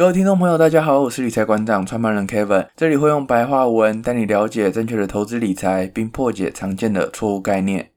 各位聽眾朋友，大家好，我是理財館長創辦人 Kevin，這裡會用白話文帶你了解正確的投資理財，並破解常見的錯誤概念。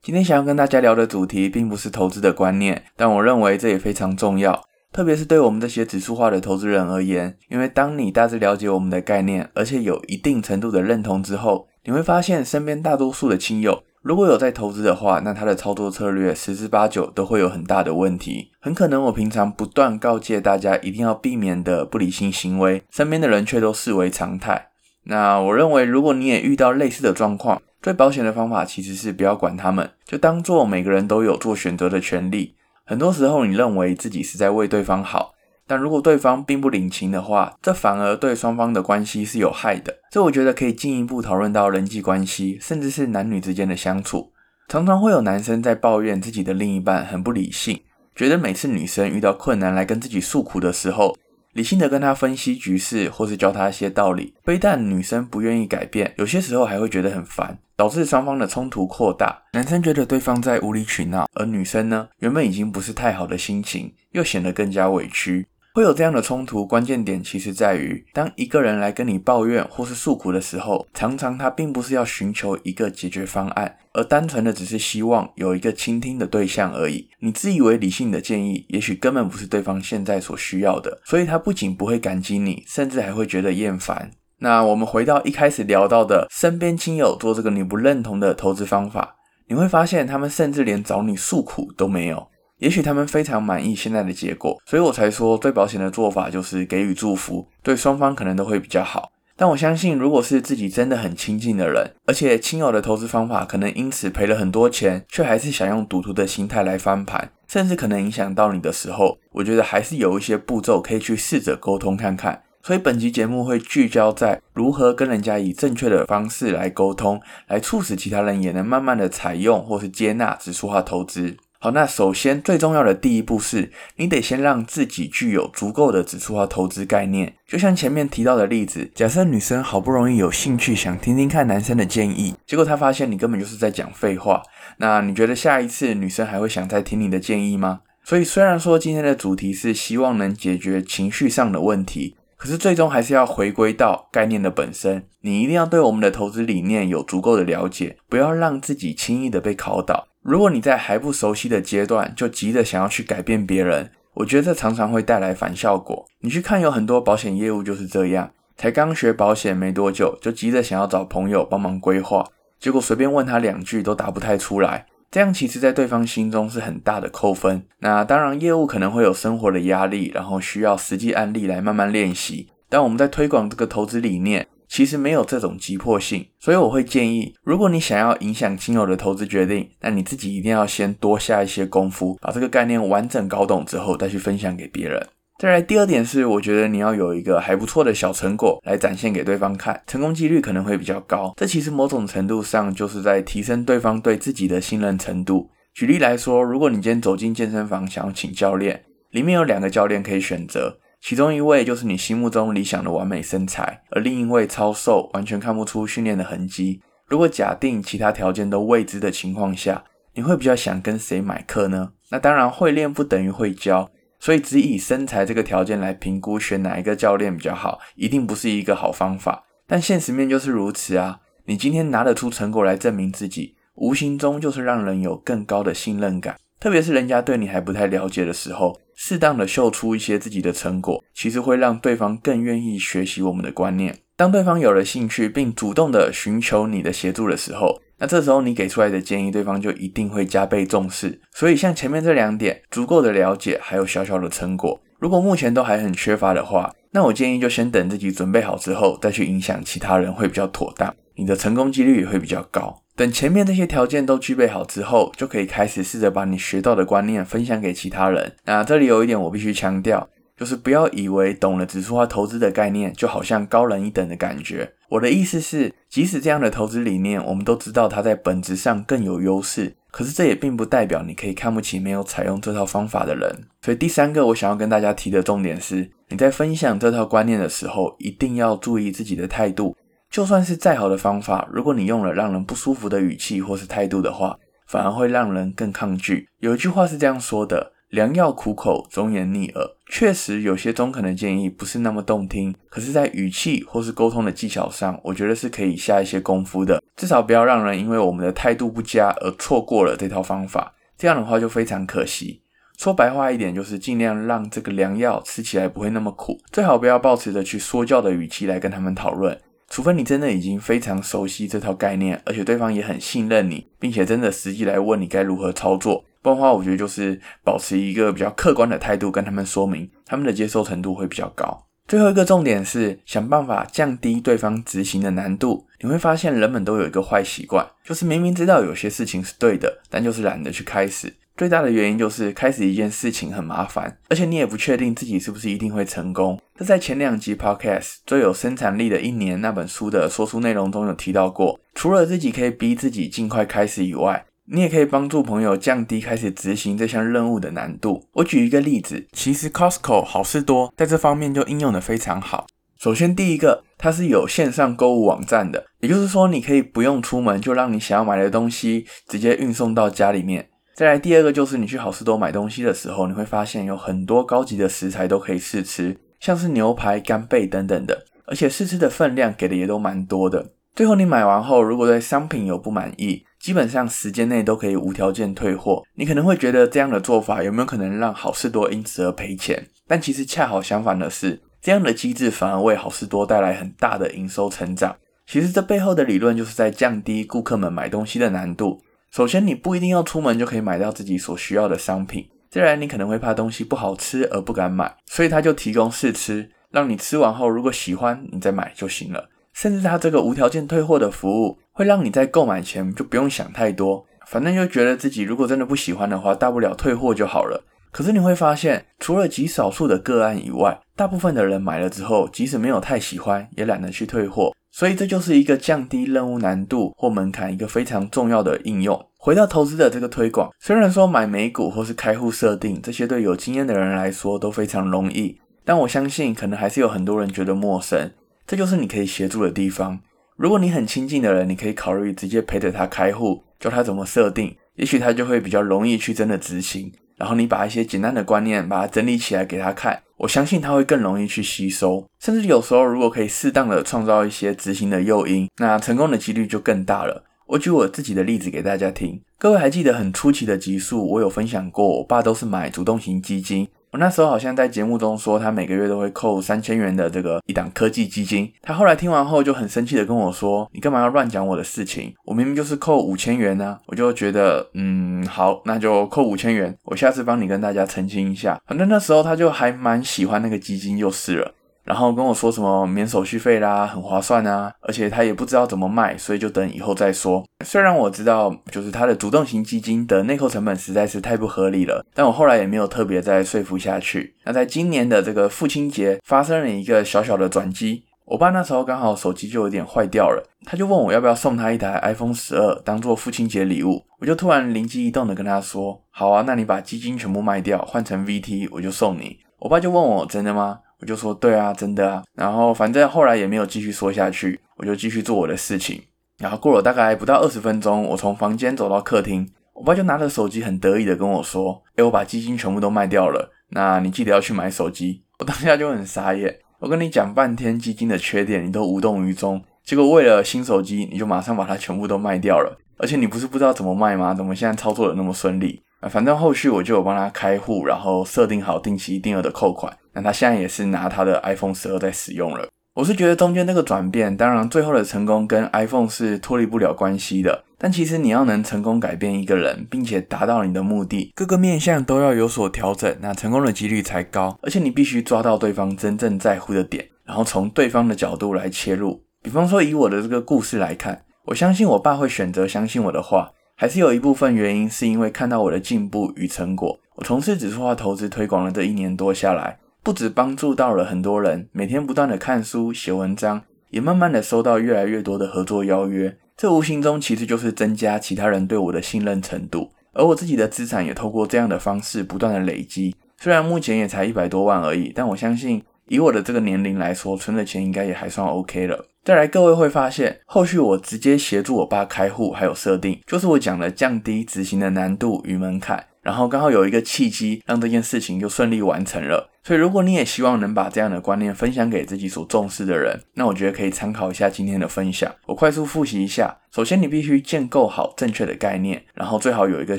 今天想要跟大家聊的主題，並不是投資的觀念，但我認為這也非常重要，特別是對我們這些指數化的投資人而言，因為當你大致了解我們的概念，而且有一定程度的認同之後，你會發現身邊大多數的親友，如果有在投資的話，那他的操作策略十之八九都會有很大的問題。很可能我平常不斷告誡大家一定要避免的不理性行為，身邊的人卻都視為常態。那我認為，如果你也遇到類似的狀況，最保險的方法其實是不要管他們，就當做每個人都有做選擇的權利。很多時候，你認為自己是在為對方好。但如果對方並不領情的話，這反而對雙方的關係是有害的。這我覺得可以進一步討論到人際關係，甚至是男女之間的相處。常常會有男生在抱怨自己的另一半很不理性，覺得每次女生遇到困難來跟自己訴苦的時候，理性的跟她分析局勢，或是教她一些道理，非但女生不願意改變，有些時候還會覺得很煩，導致雙方的衝突擴大。男生覺得對方在無理取鬧，而女生呢，原本已經不是太好的心情，又顯得更加委屈。會有這樣的衝突，關鍵點其實在於，當一個人來跟你抱怨或是訴苦的時候，常常他並不是要尋求一個解決方案，而單純的只是希望有一個傾聽的對象而已。你自以為理性的建議，也許根本不是對方現在所需要的，所以他不僅不會感激你，甚至還會覺得厭煩。那我們回到一開始聊到的，身邊親友做這個你不認同的投資方法，你會發現他們甚至連找你訴苦都沒有。也許他們非常滿意現在的結果，所以我才說最保險的做法就是給予祝福，對雙方可能都會比較好。但我相信，如果是自己真的很親近的人，而且親友的投資方法可能因此賠了很多錢，卻還是想用賭徒的心態來翻盤，甚至可能影響到你的時候，我覺得還是有一些步驟可以去試着溝通看看。所以本期節目會聚焦在如何跟人家以正確的方式來溝通，來促使其他人也能慢慢的採用或是接納指數化投資。好，那首先最重要的第一步是，你得先讓自己具有足夠的指數化投資概念。就像前面提到的例子，假設女生好不容易有興趣想聽聽看男生的建議，結果她發現你根本就是在講廢話。那你覺得下一次女生還會想再聽你的建議嗎？所以雖然說今天的主題是希望能解決情緒上的問題，可是最終還是要回歸到概念的本身。你一定要對我們的投資理念有足夠的了解，不要讓自己輕易的被考倒。如果你在還不熟悉的階段就急着想要去改變別人，我覺得這常常會帶來反效果。你去看有很多保險業務就是這樣，才剛學保險沒多久，就急着想要找朋友幫忙規劃，結果隨便問他兩句都答不太出來。這樣其實，在對方心中是很大的扣分。那當然，業務可能會有生活的壓力，然後需要實際案例來慢慢練習。但我們在推廣這個投資理念。其實沒有這種急迫性，所以我會建議，如果你想要影響親友的投資決定，那你自己一定要先多下一些功夫，把這個概念完整搞懂之後再去分享給別人。再來，第二點是，我覺得你要有一個還不錯的小成果來展現給對方看，成功幾率可能會比較高。這其實某種程度上就是在提升對方對自己的信任程度。舉例來說，如果你今天走進健身房想要請教練，裡面有兩個教練可以選擇。其中一位就是你心目中理想的完美身材，而另一位超瘦，完全看不出訓練的痕跡。如果假定其他條件都未知的情況下，你會比較想跟誰買課呢？那當然，會練不等於會教，所以只以身材這個條件來評估選哪一個教練比較好，一定不是一個好方法。但現實面就是如此啊，你今天拿得出成果來證明自己，無形中就是讓人有更高的信任感，特別是人家對你還不太了解的時候。適當的秀出一些自己的成果，其實會讓對方更願意學習我們的觀念。當對方有了興趣，並主動的尋求你的協助的時候，那這時候你給出來的建議，對方就一定會加倍重視。所以，像前面這兩點，足夠的了解，還有小小的成果，如果目前都還很缺乏的話，那我建議就先等自己準備好之後，再去影響其他人，會比較妥當。你的成功幾率也會比較高。等前面這些條件都具備好之後，就可以開始試着把你學到的觀念分享給其他人。那這裡有一點我必須強調，就是不要以為懂了指數化投資的概念，就好像高人一等的感覺。我的意思是，即使這樣的投資理念，我們都知道它在本質上更有優勢，可是這也並不代表你可以看不起沒有採用這套方法的人。所以第三個我想要跟大家提的重點是，你在分享這套觀念的時候，一定要注意自己的態度。就算是再好的方法，如果你用了讓人不舒服的語氣或是態度的話，反而會讓人更抗拒。有一句話是這樣說的：“良藥苦口，忠言逆耳。”確實，有些中肯的建議不是那麼動聽，可是，在語氣或是溝通的技巧上，我覺得是可以下一些功夫的。至少不要讓人因為我們的態度不佳而錯過了這套方法，這樣的話就非常可惜。說白話一點，就是盡量讓這個良藥吃起來不會那麼苦，最好不要抱持着去說教的語氣來跟他們討論。除非你真的已經非常熟悉這套概念，而且對方也很信任你，並且真的實際來問你該如何操作，不然的話，我覺得就是保持一個比較客觀的態度跟他們說明，他們的接受程度會比較高。最後一個重點是想辦法降低對方執行的難度，你會發現，人們都有一個壞習慣，就是明明知道有些事情是對的，但就是懶得去開始。最大的原因就是開始一件事情很麻煩，而且你也不確定自己是不是一定會成功。這在前兩集 Podcast 最有生產力的一年那本書的說書內容中有提到過。除了自己可以逼自己盡快開始以外，你也可以幫助朋友降低開始執行這項任務的難度。我舉一個例子，其實 Costco 好事多在這方面就應用得非常好。首先，第一個，它是有線上購物網站的，也就是說你可以不用出門，就讓你想要買的東西直接運送到家裡面。再來第二個就是你去好市多買東西的時候，你會發現有很多高級的食材都可以試吃，像是牛排、干貝等等的，而且試吃的分量給的也都蠻多的。最後你買完後，如果對商品有不滿意，基本上時間內都可以無條件退貨。你可能會覺得這樣的做法有沒有可能讓好市多因此而賠錢？但其實恰好相反的是，這樣的機制反而為好市多帶來很大的營收成長。其實這背後的理論就是在降低顧客們買東西的難度。首先，你不一定要出門就可以買到自己所需要的商品。再來，你可能會怕東西不好吃而不敢買，所以他就提供試吃，讓你吃完後如果喜歡，你再買就行了。甚至他這個無條件退貨的服務，會讓你在購買前就不用想太多，反正就覺得自己如果真的不喜歡的話，大不了退貨就好了。可是你會發現，除了極少數的個案以外，大部分的人買了之後，即使沒有太喜歡，也懶得去退貨。所以這就是一個降低任務難度或門檻一個非常重要的應用。回到投資的這個推廣，雖然說買美股或是開戶設定這些對有經驗的人來說都非常容易，但我相信可能還是有很多人覺得陌生。這就是你可以協助的地方。如果你很親近的人，你可以考慮直接陪着他開戶，教他怎麼設定，也許他就會比較容易去真的執行。然後你把一些簡單的觀念，把它整理起來給他看，我相信他會更容易去吸收。甚至有時候，如果可以適當的創造一些執行的誘因，那成功的幾率就更大了。我舉我自己的例子給大家聽，各位還記得很初期的集數，我有分享過，我爸都是買主動型基金。我那時候好像在節目中說，他每個月都會扣三千元的這個一檔科技基金。他後來聽完後就很生氣的跟我說：“你幹嘛要亂講我的事情？我明明就是扣五千元呢。”我就覺得，嗯，好，那就扣五千元。我下次幫你跟大家澄清一下。反正那時候他就還蠻喜歡那個基金就是了。然後跟我說什麼免手續費啦，很划算啊，而且他也不知道怎麼賣，所以就等以後再說。雖然我知道就是他的主動型基金的內扣成本實在是太不合理了，但我後來也沒有特別再說服下去。那在今年的這個父親節，發生了一個小小的轉機。我爸那時候剛好手機就有點壞掉了，他就問我要不要送他一台 iPhone 十二當做父親節禮物。我就突然靈機一動的跟他說：“好啊，那你把基金全部賣掉換成 VT，我就送你。”我爸就問我：“真的嗎？”我就說對啊，真的啊，然後反正後來也沒有繼續說下去，我就繼續做我的事情。然後過了大概不到二十分鐘，我從房間走到客廳，我爸就拿着手機很得意的跟我說：“誒，我把基金全部都賣掉了，那你記得要去買手機。”我當下就很傻眼，我跟你講半天基金的缺點，你都無動於衷，結果為了新手機你就馬上把它全部都賣掉了，而且你不是不知道怎麼賣嗎？怎麼現在操作的那麼順利？啊，反正後續我就有幫他開戶，然後設定好定期定額的扣款，那他現在也是拿他的 iPhone 十二在使用了。我是覺得中間那個轉變，當然最後的成功跟 iPhone 是脫離不了關係的。但其實你要能成功改變一個人，並且達到你的目的，各個面向都要有所調整，那成功的幾率才高。而且你必須抓到對方真正在乎的點，然後從對方的角度來切入。比方說以我的這個故事來看，我相信我爸會選擇相信我的話。還是有一部分原因是因為看到我的進步與成果。我從事指數化投資推廣了這一年多下來，不止幫助到了很多人，每天不斷的看書、寫文章，也慢慢的收到越來越多的合作邀約。這無形中其實就是增加其他人對我的信任程度，而我自己的資產也透過這樣的方式不斷的累積。雖然目前也才一百多萬而已，但我相信以我的這個年齡來說，存的錢應該也還算 OK 了。再來，各位會發現，後續我直接協助我爸開戶，還有設定，就是我講了降低執行的難度與門檻，然後剛好有一個契機，讓這件事情就順利完成了。所以，如果你也希望能把這樣的觀念分享給自己所重視的人，那我覺得可以參考一下今天的分享。我快速複習一下：首先，你必須建構好正確的概念，然後最好有一個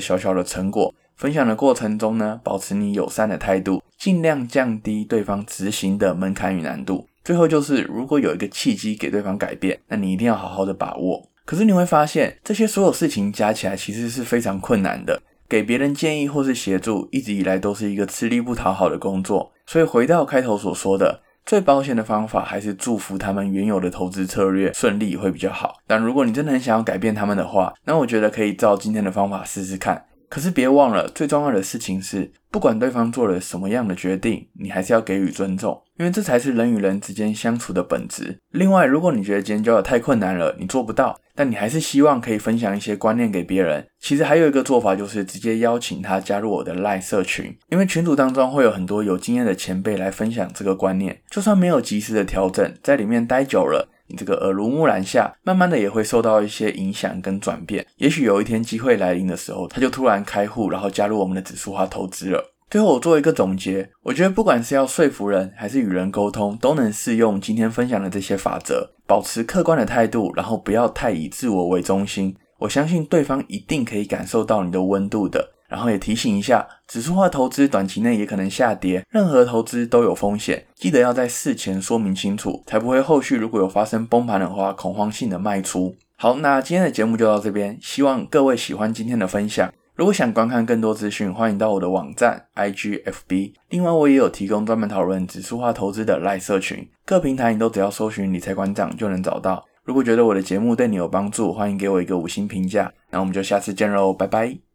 小小的成果。分享的過程中呢，保持你友善的態度，盡量降低對方執行的門檻與難度。最後就是，如果有一個契機給對方改變，那你一定要好好的把握。可是你會發現，這些所有事情加起來其實是非常困難的。給別人建議或是協助，一直以來都是一個吃力不討好的工作。所以回到開頭所說的，最保險的方法還是祝福他們原有的投資策略順利會比較好。但如果你真的很想要改變他們的話，那我覺得可以照今天的方法試試看。可是別忘了，最重要的事情是，不管對方做了什麼樣的決定，你還是要給予尊重。因為這才是人與人之間相處的本質。另外，如果你覺得今天交流太困難了，你做不到，但你還是希望可以分享一些觀念給別人。其實還有一個做法，就是直接邀請他加入我的 LINE 社群，因為群組當中會有很多有經驗的前輩來分享這個觀念。就算沒有及時的調整，在裡面待久了，你這個耳濡目染下，慢慢的也會受到一些影響跟轉變。也許有一天機會來臨的時候，他就突然開戶，然後加入我們的指數化投資了。最後，我做一個總結。我覺得，不管是要說服人，還是與人溝通，都能適用今天分享的這些法則。保持客觀的態度，然後不要太以自我為中心。我相信對方一定可以感受到你的溫度的。然後也提醒一下，指數化投資短期內也可能下跌，任何投資都有風險。記得要在事前說明清楚，才不會後續如果有發生崩盤的話，恐慌性的賣出。好，那今天的節目就到這邊，希望各位喜歡今天的分享。如果想觀看更多資訊，歡迎到我的網站 IG FB。另外，我也有提供專門討論指數化投資的 line 社群，各平台你都只要搜尋“理財館長”就能找到。如果覺得我的節目對你有幫助，歡迎給我一個五星評價。那我們就下次見嘍，拜拜。